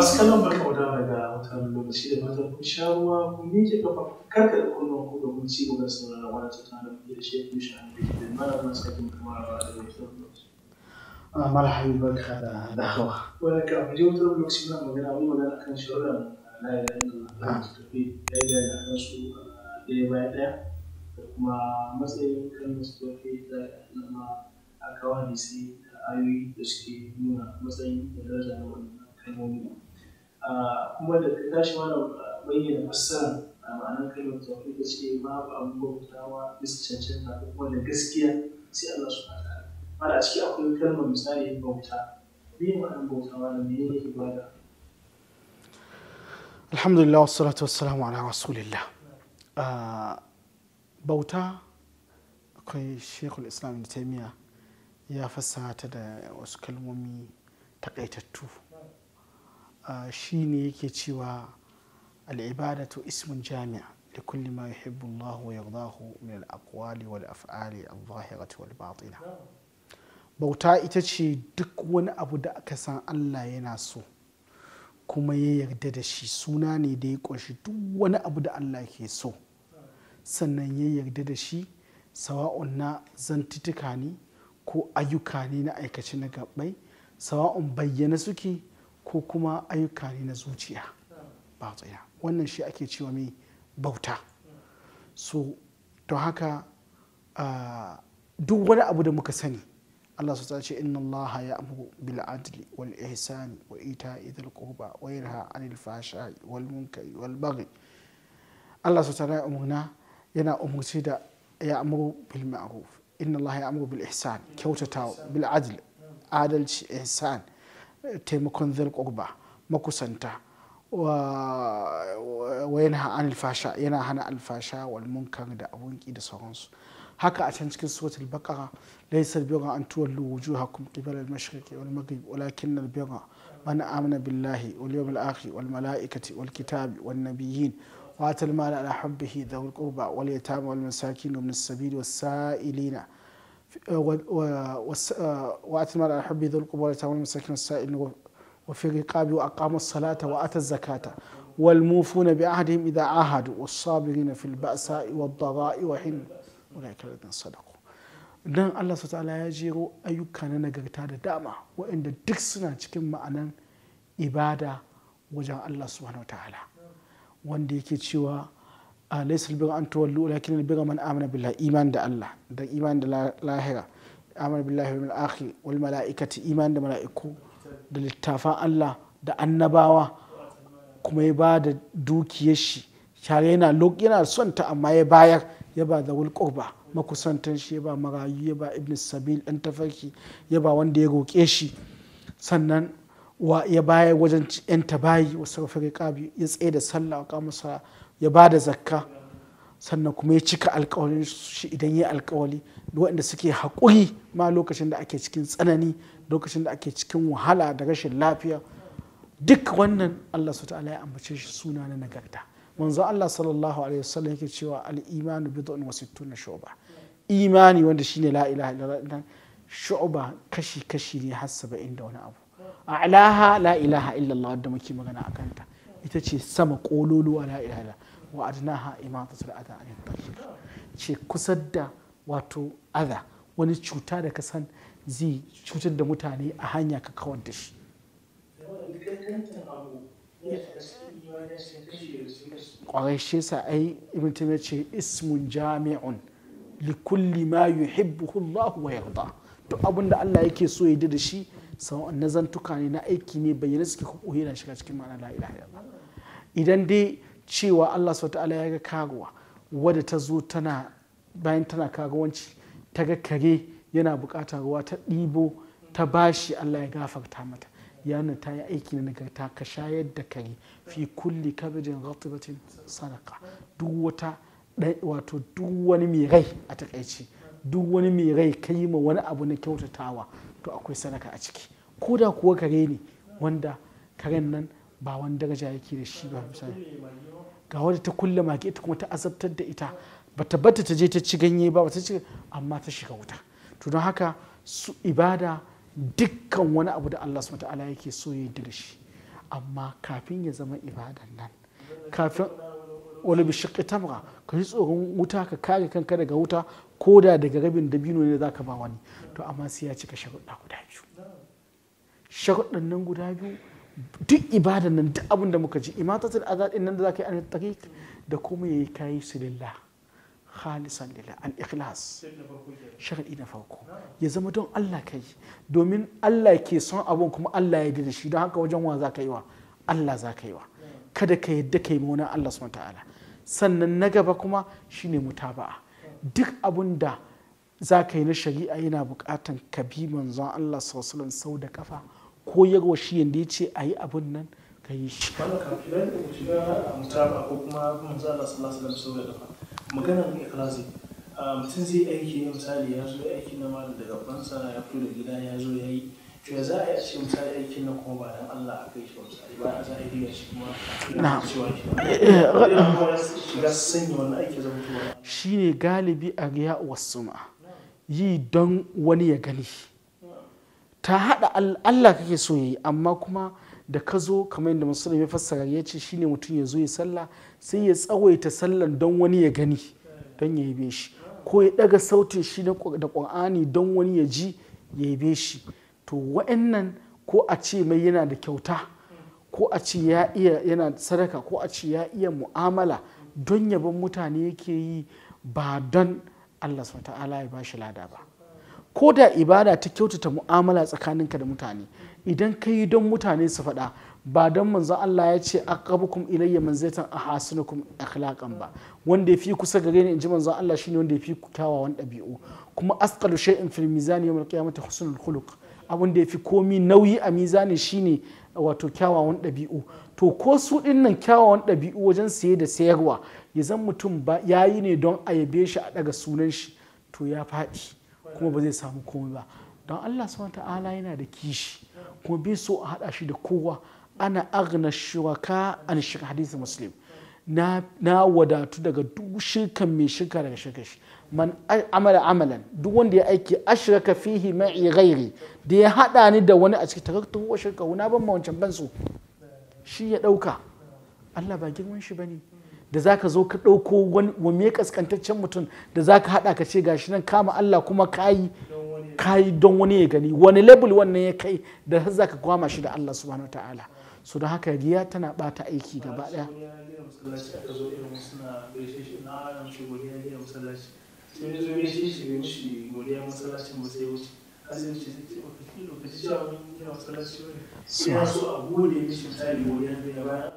masu kallon barka mu dawo daga wata lokaci da mata kun sha ruwa kun miƙe kafa karka da kunnuwan ku domin ci gaba da sauraron wani tattauna da ke shi kun sha hannu da mara masu kallon kamar ba da wata lokaci. Marhabi barka da dawowa. Wani ka mu je wata lokaci muna magana mun magana akan shawaran layi da inda na tafi ɗaya da na kan su ɗaya bayan ɗaya da kuma matsayin kan su tafi da nama a kawai sai da ayoyi da suke nuna matsayin da daraja na wannan kalmomi. Ah, kuma da ta tashi mana ah, bayyana fassara a ah, ma'anar kalmar tauhid da ce babu abu bautawa bisa cancanta ko kuma da gaskiya sai Allah su ta'ala mara a ciki akwai kalmar misali bauta me ma'anar bautawa da me ne ibada alhamdulillah wassalatu wassalamu ala rasulillah bauta akwai shekul islam da taimiya ya fassara ta da wasu kalmomi takaitattu shi ne yake cewa al'ibadatu ismin jami'a da kulli ma yuhibbu Allah wa yardahu min al-aqwali wal af'ali adh-dhahirati wal batina bauta ita ce duk wani abu da aka san Allah yana so kuma ya yarda da shi suna ne da ya ƙunshi duk wani abu da Allah ke so sannan ya yarda da shi sawa'un na zantutuka ne ko ayyuka ne na aikace na gabbai sawa'un bayyana suke ko kuma ayyuka ne na zuciya ba tsaya wannan shi ake cewa mai bauta so to haka ah, duk wani abu da muka sani Allah su ce inna Allah ya amuru bil adli wal ihsani wa ita dhil qurba wa yanha 'anil fahsha'i wal munkari wal baghi Allah su ya umurna yana umurci da ya amuru bil ma'ruf inna Allah ya amuru bil ihsan kyautatawa bil adl adalci ihsan taimakon zalƙurba makusanta wa yana alfasha yana hana alfasha wal munkar da abunki da sauransu haka a can cikin suratul baqara laysa birra an tuwallu wujuhakum qibala al-mashriqi wal maghrib walakin al-birra man amana billahi wal yawmil akhir wal malaikati wal kitabi wan nabiyyin wa atal mala ala hubbihi dhawil qurba wal yatama wal masakin min as-sabili was-sa'ilina وأتم على الحب ذو القبور واليتامى والمساكين والسائل وفي الرقاب وأقاموا الصلاة وآتى الزكاة والموفون بعهدهم إذا عاهدوا والصابرين في البأساء والضراء وحين أولئك الذين صدقوا dan Allah su ta'ala ya jero ayyuka na nagarta da dama waɗanda duk suna cikin ma'anan ibada wajen Allah subhanahu wa ta'ala wanda yake cewa Ah, laysa albirra an tuwallu lakin albirra man amana billahi iman da Allah da iman da lahira amana billahi wal akhir malaikati iman da mala'iku da littafan Allah da annabawa kuma ya ba da dukiyar shi kyara yana yana son ta amma ya bayar ya ba da ba makusantan shi ya ba marayu ya ba ibn sabil Ɗan tafarki ya ba wanda ya roƙe shi sannan ya bayar wajen yan tabayi wasu rufin ya tsaye da sallah wa kamar ya ba da zakka sannan kuma ya cika alkawalin shi idan ya yi alkawali da waɗanda suke haƙuri ma lokacin da ake cikin tsanani lokacin da ake cikin wahala da rashin lafiya duk wannan Allah su ta'ala ya ambace shi suna na nagarta manzo Allah sallallahu alaihi wasallam yake cewa al-imanu bid'un wa sittuna shu'ba imani wanda shine la ilaha illallah shu'ba kashi kashi ne har 70 da wani abu a'laha la ilaha illallah da muke magana akan ta ita ce sama kololuwa la ilaha wa adnaha imatatul adha an tariq ce kusa da wato adha wani cuta da ka san zai cutar da mutane a hanya ka kawar da shi kwarai shi sa ai ibn taymiya ce ismun jami'un li kulli ma yuhibbuhu Allah wa yarda to abin da Allah yake so ya da shi sau na zantuka ne na aiki ne bayyana suke kuɓo yana shiga cikin ma'ana la ilaha idan dai cewa allah ta'ala ya ga karuwa wadda ta zo tana bayan tana karuwanci ta ga kare yana bukatar ruwa ta ɗibo ta bashi allah ya gafarta mata yana ta yi aiki na nagarta ka shayar da kare fi kulli kabijin ratibatin sadaka duk wata wato duk wani mai rai a takaici duk wani mai rai ka yi ma wani abu na kyautatawa to akwai sadaka a ciki ko da kuwa kare ne wanda karen nan ba wani daraja yake da shi ba misali ga wadda ta kulle maki ita kuma ta azabtar da ita ba ta bata ta je ta ci ganye ba ba ta ci amma ta shiga wuta to don haka su ibada dukkan wani abu da Allah subhanahu ta'ala yake so ya yi shi amma kafin ya zama ibadan nan kafin wani bishiƙi tamra ka ji tsoron wuta ka kare kanka daga wuta ko da daga rabin dabino ne za ka ba wani to amma sai ya cika sharuɗa guda biyu sharuɗan nan guda biyu duk ibadan nan duk abin da muka ji imatatul azad din nan da zaka yi an taqiq da kuma yayi kai su lillah khalisan lillah al ikhlas sharadi na farko ya zama don Allah kai domin Allah ke son abun kuma Allah ya da shi don haka wajen wa zaka yi wa Allah zaka yi wa kada ka yadda kai mauna Allah subhanahu ta'ala sannan na gaba kuma shine mutaba'a duk abun da zaka yi na shari'a yana bukatan ka bi manzon Allah sallallahu sau da kafa Ko ya koyarwa shi yadda ya ce a yi abin nan ka yi shi. kafin ku shiga ah, mutaba ko kuma kuma manzala sallallahu alaihi wasallam da magana ne ikhlasi ah, mutum zai aiki misali ya zo aiki na malam daga fansa ya fito da gida ya zo ya yi to ya za a yi a ce misali aikin na kuma ba dan Allah a kai shi misali ba eh, eh, za a yi diga shi kuma na shiga sanya wani aiki zama tuwa ne galibi a riya wasu ma yi don wani ya gani ta haɗa Allah kake so yi amma kuma da ka zo kamar yadda musulmi ya fassara ya ce shine mutum ya zo ya sallah sai ya tsawaita sallan don wani ya gani don ya yabe shi ko ya ɗaga sautin shi da ƙwa'ani don wani ya ji ya yabe shi to wa'annan ko a ce mai yana da kyauta ko a ce ya iya yana sadaka ko a ce ya iya mu'amala don yabon mutane yake yi ba don Allah ta'ala ya bashi lada ba ko da ibada ta kyautata mu'amala tsakaninka da mutane idan ka yi don mutane su faɗa ba don manzon Allah ya ce a aqrabukum ilayya a ahasinukum akhlaqan ba wanda ya fi kusa gare ni in ji manzon Allah shine wanda ya fi kyawawan ɗabi'u kuma asqalu shay'in fil mizani yawm al-qiyamati husnul khuluq abin da ya fi komi nauyi a mizani shine wato kyawawan ɗabi'u to ko su nan kyawawan ɗabi'u wajen saye da sayarwa ya zan mutum ba yayi ne don a yabe shi a ɗaga sunan shi to ya faɗi kuma ba zai samu komai ba don Allah subhanahu ta'ala yana da kishi kuma bai so a hada shi da kowa ana agna shuraka an shirka hadisi muslim na wadatu daga duk shirkan mai shirka daga shirka shi man amala amalan duk wanda ya aiki ashraka fihi ma'i ghairi da ya hada ni da wani a cikin taraktu wa shirka na ban ma wancan shi ya dauka Allah ba girman shi bane da zaka zo ka ɗauko wani me kaskantaccen mutum da zaka haɗa ka ce gashi nan kama Allah kuma kayi kayi don wani ya gani wani label wannan ya kai da har zaka kwama shi da Allah subhanahu ta'ala so don haka riya tana bata aiki gaba daya sai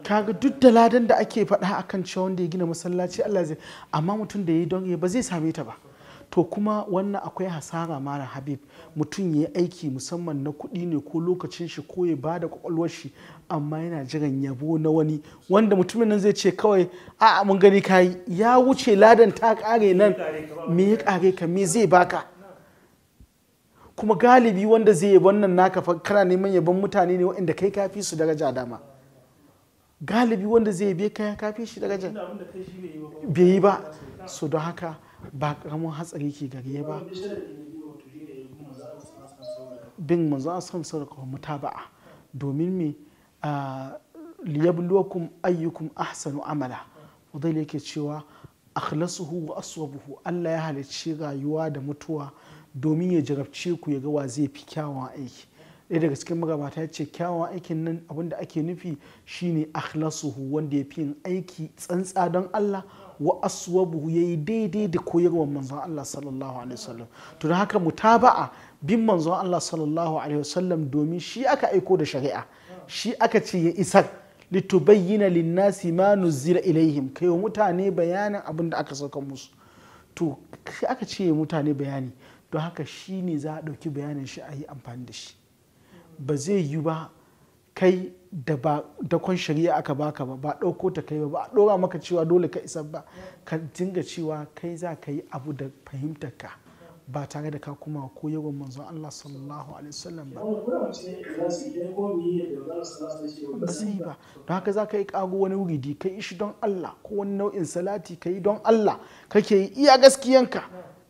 kaga duk da ladan da ake faɗa akan cewa wanda ya gina masallaci Allah zai amma mutum da ya yi don ba zai same ta ba to kuma wannan akwai hasara mara habib mutum ya yi aiki musamman na kuɗi ne ko lokacin shi ko ya bada kwakwalwar shi amma yana jiran yabo na wani wanda mutumin nan zai ce kawai a mun gani kayi ya wuce ladan ta kare nan me ya kare ka me zai baka kuma galibi wanda zai yabon nan naka kana neman yabon mutane ne waɗanda kai kafi su daraja dama galibi wanda zai yabe kai kafi shi daraja bai yi ba so don haka ba karamin hatsari ke gare ba bin manzo a son muta mutaba'a domin me liyabluwakum ayyukum ahsanu amala wadai yake cewa akhlasuhu wa aswabuhu Allah ya halicci rayuwa da mutuwa domin ya jarabce ku ya ga wa zai fi kyawawan aiki ɗaya daga cikin magabata ya ce kyawawan aikin nan da ake nufi shine akhlasuhu wanda ya fi yin aiki tsantsa don Allah wa aswabuhu ya yi daidai da koyarwar manzon Allah sallallahu alaihi wasallam to da haka mutaba'a bin manzon Allah sallallahu alaihi wasallam domin shi aka aiko da shari'a shi aka ce ya isar litubayyana linnasi ma nuzila ilaihim kai mutane bayanin abin da aka sauka musu to aka ce mutane bayani don haka shi ne za a ɗauki bayanin shi a yi amfani da shi ba zai yi ba kai da ba dakon shari'a aka baka ba ba ɗauko ta kai ba ba a ɗora maka cewa dole ka isa ba ka dinga cewa kai za ka yi abu da fahimtar ka ba tare da ka kuma ko yawan manzon Allah sallallahu alaihi wasallam ba ba zai ba don haka za ka yi karo wani wuridi ka yi shi don Allah ko wani nau'in salati ka yi don Allah kake yi iya gaskiyanka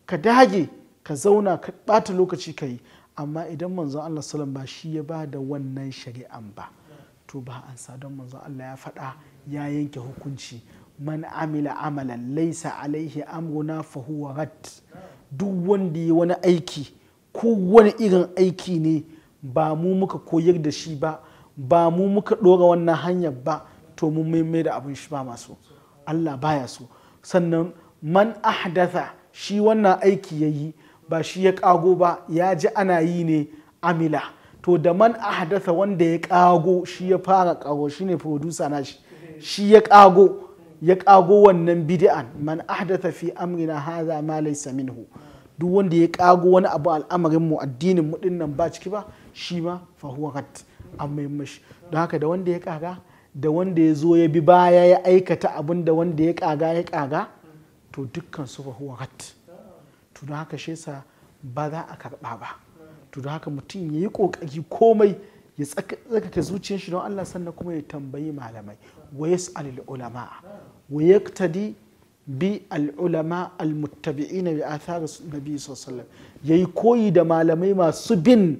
ka dage ka zauna ka ɓata lokaci ka yi amma idan manzon Allah salam ba shi ya ba da wannan shari'an ba to ba an sa don manzon Allah ya faɗa ya yanke hukunci man amila amalan laisa alaihi amruna fa huwa rad duk wanda ya wani aiki ko wani irin aiki ne ba mu muka koyar da shi ba ba mu muka ɗora wannan hanyar ba to mun maimai da abin shi ba masu Allah baya so sannan man ahdatha shi wannan aiki ya yi ba shi ya kago ba ya ji ana yi ne amila to da man ahdasa wanda ya ƙago shi ya fara ƙago shi ne producer na shi shi ya ƙago ya ƙago wannan bid'an man ahdasa fi amrina haza ma laysa minhu duk wanda ya ƙago wani abu al'amarin mu addinin mu dinnan ba ciki ba shi ma fa huwa rat amma mashi don haka da wanda ya ƙaga da wanda ya zo ya bi baya ya aikata abun da wanda ya ƙaga ya ƙaga to dukkan su fa huwa rat to don haka shesa ba za a karɓa ba to haka mutum ya yi ƙoƙari komai ya tsakake zuciyar shi don Allah sannan kuma ya tambayi malamai wa yas'al ulama wa tadi bi al'ulama al na bi athari nabi sallallahu yi koyi da malamai masu bin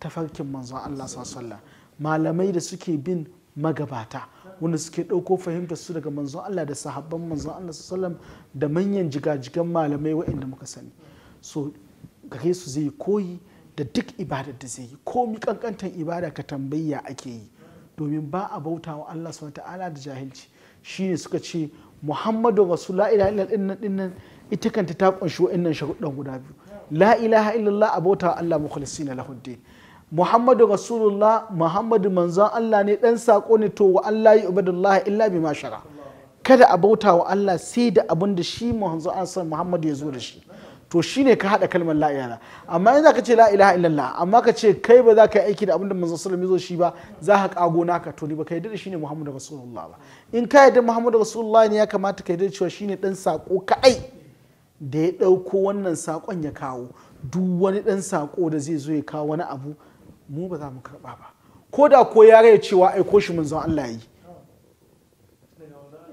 tafarkin manzon Allah sallallahu malamai da suke bin magabata wanda suke ɗauko fahimtar su daga manzon Allah da sahabban manzon Allah sallam da manyan jigajigan malamai waɗanda muka sani so gare su zai koyi da duk ibadar da zai yi komi kankantan ibada ka tambayya ake yi domin ba a bauta wa Allah subhanahu ta'ala da jahilci shine suka ce Muhammadu la ila illa dinnan dinnan ita kanta ta kunshi waɗannan sharuɗan guda biyu la ilaha illallah a bauta wa Allah mukhlisina lahu din muhammadu rasulullah muhammadu manzon allah ne dan sako ne to wa allah ya ubadullah illa bi shara kada a bauta wa allah sai da abin da shi manzon allah muhammadu ya zo da shi to shine ka hada kalmar la ilaha amma yanzu ka ce la ilaha illallah amma ka ce kai ba za ka yi aiki da abin da manzon sallallahu alaihi zo shi ba za ka kago naka to ni ba ka yarda da shine muhammadu rasulullah ba in ka yarda muhammadu rasulullah ne ya kamata ka yarda cewa ne dan sako kadai da ya dauko wannan sakon ya kawo duk wani dan sako da zai zo ya kawo wani abu mu ba za mu karɓa ba ko da ko ya raya cewa aiko shi manzon Allah yi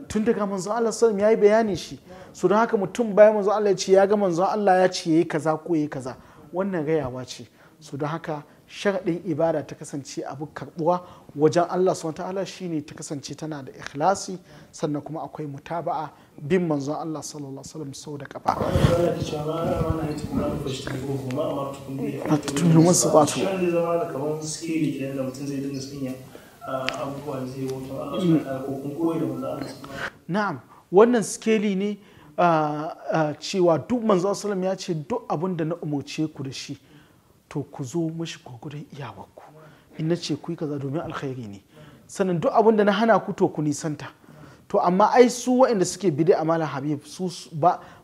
tun daga manzon Allah sallam ya yi bayani shi su don haka mutum bayan manzon Allah ya ce ya ga manzon Allah ya ce ya yi kaza ko ya yi kaza wannan rayawa ce su don haka sharaɗin ibada ta kasance abu karɓuwa wajen Allah subhanahu ta'ala shine ta kasance tana da ikhlasi sannan kuma akwai mutaba'a bin manzon Allah sallallahu alaihi wasallam sau da kafa na'am wannan skeli ne ah, ah, cewa duk manzon sallam ya ce duk abin da na umarce ku da shi to ku zo mashi gwagwadon iyawarku in na ce ku yi kaza domin alkhairi ne sannan duk abin da na hana ku to ku nisanta to amma ai su waɗanda suke bide a malam habib su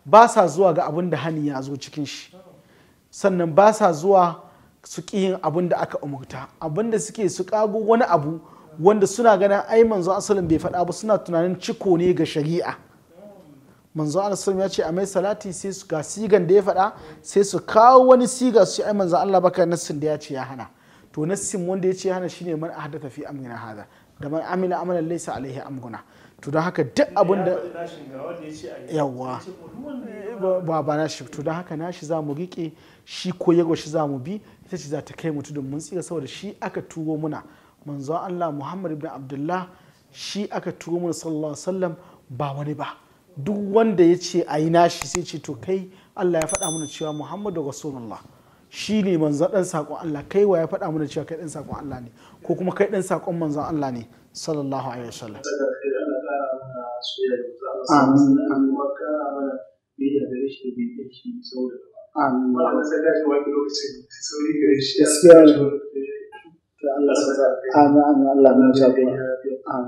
ba sa zuwa ga abin da hani ya zo cikin shi sannan ba sa zuwa su ƙi yin abin da aka umurta abin da suke su ƙago wani abu wanda suna ganin ai manzo asalin bai faɗa ba suna tunanin ciko ne ga shari'a manzo Allah sun ya ce a mai salati sai su ga sigan da ya faɗa sai su kawo wani siga su ai manzo Allah baka nassin da ya ce ya hana to nassin wanda ya ce ya hana shine man ahdatha fi amrina hada da man amila amalan laysa alaihi amguna to don haka duk abin da yawa eh, ba ba nashi to don haka nashi za mu rike shi koyarwa shi za mu bi ita ce za ta kai mu tudun mun tsira saboda shi aka tuwo muna manzo Allah Muhammad ibn Abdullah shi aka tuwo muna sallallahu alaihi wasallam ba wani ba duk wanda ya ce a yi nashi sai ce to kai Allah ya faɗa mana cewa Muhammadu Rasulullah shi ne manzan ɗan saƙon Allah kai wa ya faɗa mana cewa kai ɗan saƙon Allah ne ko kuma kai ɗan saƙon manzan Allah ne sallallahu alaihi wasallam. Amin. Amin.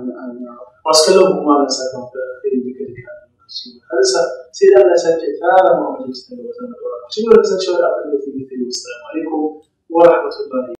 Amin. Amin. Amin. cikarsa sai da Allah sake tara mu a majalisar da wata na dora. Cikin da kasancewar abin da ke nufi wasu alaikum wa rahmatullahi